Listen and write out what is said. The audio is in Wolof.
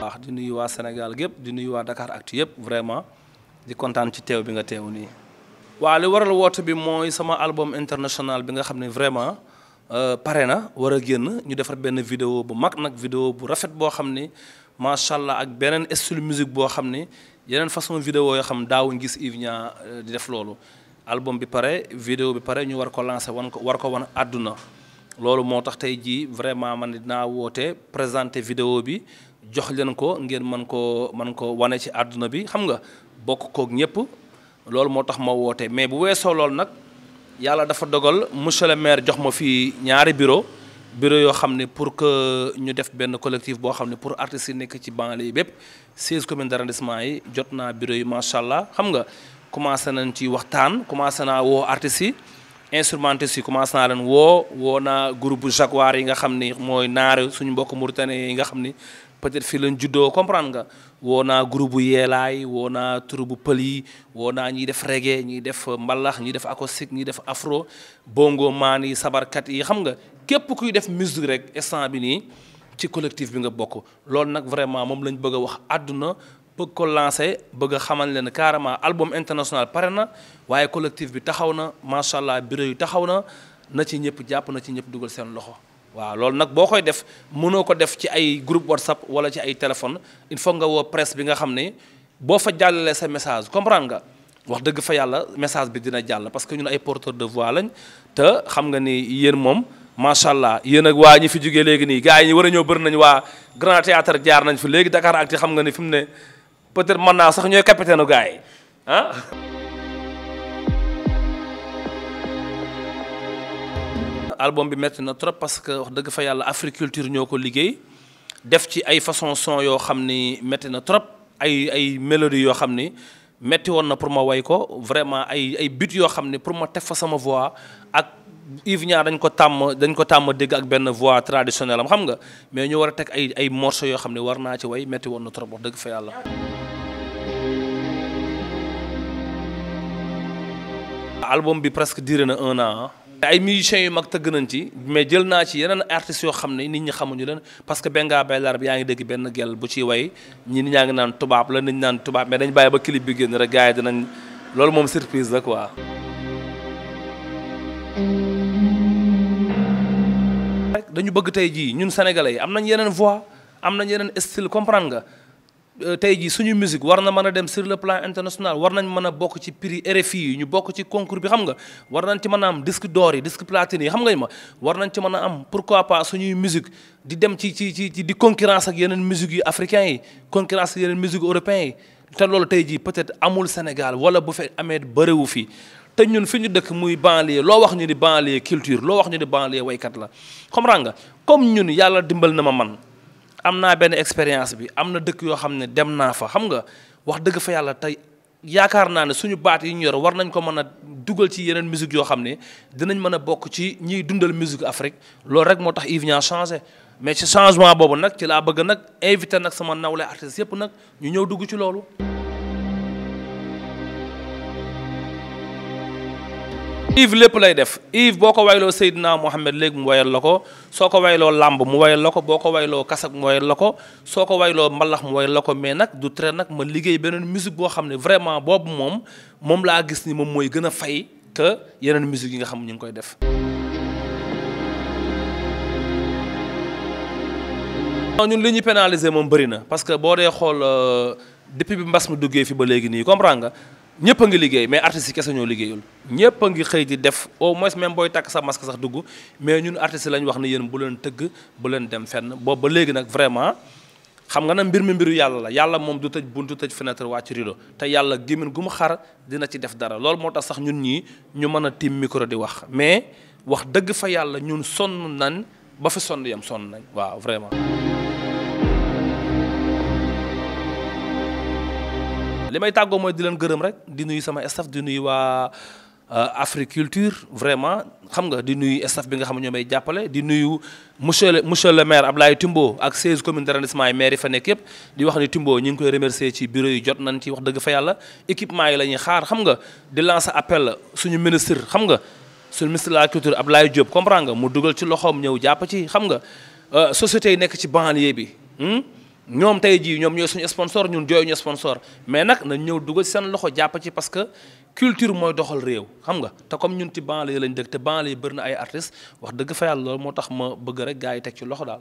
waaw di nuyu waa Sénégal gépp di nuyu waa Dakar Actu yëpp vraiment di kontaan ci teew bi nga teew nii. waaw li waral woote bi mooy sama album international bi nga xam ne vraiment euh, pare na war a génn ñu defar benn vidéo bu mag nag vidéo bu rafet boo xam ni macha allah ak beneen style musique boo xam ni yeneen façon vidéo yoo xam daawuñ gis Yves Niang euh, di def loolu. album bi pare vidéo bi pare ñu war ko lancé wan ko war ko wan àdduna loolu moo tax tey jii vraiment woote présenter vidéo bi. jox leen ko ngeen man koo mën ko wane ci àdduna bi xam nga bokk kook ñëpp loolu moo tax ma woote mais bu weesoo loolu nag yàlla dafa dogal monsieur le maire jox ma fii ñaari bureau bureau yoo xam ne pour que ñu def benn collectif boo xam ne pour artistes yi nekk ci banlieue yi bépp 16 communes d'arrondissement yi jot naa bureau yi macha allah xam nga commencé nañ ci waxtaan commencé naa woo artistes yi instrumentistes yi commencé naa leen woo woo naa groupe Jaguar yi nga xam ni mooy naar suñu mbokk Mauritanie yi nga xam ni peut-être fii lañ juddoo comprendre nga woo naa groupe bu yeelaay woo naa turu bu pël yi woo naa ñiy def reggae ñiy def mbalax ñiy def acoustique ñiy def afro bongo maan yi sabarkat yi xam nga képp kuy def musique rek instant bi nii ci collective bi nga bokk loolu nag vraiment moom lañ bëgg a wax àdduna bëgg ko lancé bëgg a xamal leen carrément album international pare na waaye collective bi taxaw na macha allah bureau yi taxaw na na ci ñëpp jàpp na ci ñëpp dugal seen loxo waaw loolu nag boo koy def mënoo ko def ci ay groupe whatsapp wala ci ay téléphone il faut nga woo presse bi nga xam ne boo fa jàllalee sa message comprendre nga wax dëgg fa yàlla message bi dina jàll parce que ñun ay porteur de voix lañ te xam nga ni yéen moom macha allah yéen ak waa ñi fi jógee léegi nii gars yi ñi war a ñëw bari nañu waa grand théâtre jaar nañ fi léegi Dakar ak ci xam nga ni fi mu ne peut-être mën naa sax ñooy capitaine u gars yi ah album bi métti na trop parce que wax dëgg fa yàlla Africulture ñoo ko liggéey def ci ay façon son yoo xam ni métti na trop ay ay mélodie yoo xam ni métti woon na pour ma way ko vraiment ay ay but yoo xam ni pour ma teg fa sama voix ak Yves Niar dañ ko tàmm dañ ko tàmm dégg ak benn voix traditionnelle am xam nga mais ñu war a teg ay ay morceaux yoo xam ne war naa ci way métti woon na trop wax dëgg fa yàlla. album bi presque duré na un an ay musiciens yu mag tëgg nañ ci mais jël naa ci yeneen artistes yoo xam ne nit ñi xamuñu leen parce que Benga Baye Larab yaa ngi dégg benn gel bu ciy way ñi ñaa ngi naan tubaab la nit naan tubaab mais dañ bàyyi ba clip bi génn rek gars yi dinañ loolu moom surprise la quoi. dañu bëgg tey jii ñun sénégalais yi am nañ yeneen voix am nañ yeneen style comprendre nga. Euh, tey jii suñu musique war na mën a dem sur le plan international war nañ mën a bokk ci prix RFI yi ñu bokk ci concours bi xam nga war nañ ci mën a am disque d'or yi disque platine xam nga ma war nañ ci mën a am pourquoi pas suñuy musique di dem ci ci ci di concurrence ak yeneen musique yu africain yi concurrence ak yeneen musique européen yi te loolu tey ji peut-être amul Sénégal wala bu fekk amee bëriwu fii te ñun fi ñu dëkk muy banlieue loo wax ñu ni banlieue culture loo wax ñu ni banlieue waykat la comprends nga comme ñun yàlla dimbal na ma man am naa benn expérience bi am na dëkk yoo xam ne dem naa fa xam nga wax dëgg fa yàlla tey yaakaar naa ne suñu baat yi ñu yor war nañ ko mën a dugal ci yeneen musique yoo xam ne dinañ mën a bokk ci ñiy dundal musique Afrique loolu rek moo tax Yves Niang changé mais ci changement boobu nag ci laa bëgg nag invité nag sama nawle artistes yëpp nag ñu ñëw dugg ci loolu. Yves lépp lay def Yves boo ko wayloo seyd Seydina Mohamed léegi mu wayal la ko soo ko wayloo làmb mu wayal la ko boo ko wayloo kasak mu wayal la ko soo ko wayloo mbalax mu wayal la ko mais nag du tere nag ma liggéey beneen musique boo xam ne vraiment boobu moom moom laa gis ni moom mooy gën a fay que yeneen musique yi nga xam ñu ngi koy def. ñun li ñuy pénaliser moom bëri na parce que boo dee xool euh, depuis bi mbas mu duggee fi ba léegi nii comprendre nga. ñëpp a ngi liggéey mais artistes yi kese ñoo liggéeyul ñëpp ngi xëy di def au moins même booy tàkk sa masque sax dugg mais ñun artistes yi lañ wax ne yéen bu leen tëgg bu leen dem fenn boobu ba léegi nag vraiment xam nga na mbir mi mbiru yàlla la yàlla moom du tëj buntu tëj fenêtre wàcc rido te yàlla gémmin gu mu xar dina ci def dara lool moo tax sax ñun ñii ñu mën a tiim micro di wax mais wax dëgg fa yàlla ñun sonn nañ ba fi sonn yam sonn nañ waaw vraiment li may tàggoo mooy di leen gërëm rek di nuyu sama staff di nuyu waa euh, Africulture vraiment xam nga di nuyu staff bi nga xam ne ñoo may jàppale di nuyu monsieur le monsieur le maire Ablaye Timbo ak 16 commune d'arrondissement yi maire yi fa nekk yëpp di wax ni Timbo ñu ngi koy remercier ci bureau yi jot nañ ci wax dëgg fa yàlla équipement yi la ñuy xaar xam nga di lancer appel suñu ministre xam nga suñu ministre de la culture Ablaye Diop comprend nga mu dugal ci loxoom ñëw jàpp ci xam nga euh, société yi nekk ci banlieue bi. Hmm? ñoom tey jii ñoom ñooy suñu sponsor ñun jooyuñu sponsor mais nag na ñëw dugal seen loxo jàpp ci parce que culture mooy doxal réew xam nga te comme ñun ci banlieue lañ dëkk te banlieue bëri na ay artistes wax dëgg fa lool moo tax ma bëgg rek gars yi teg ci loxo daal.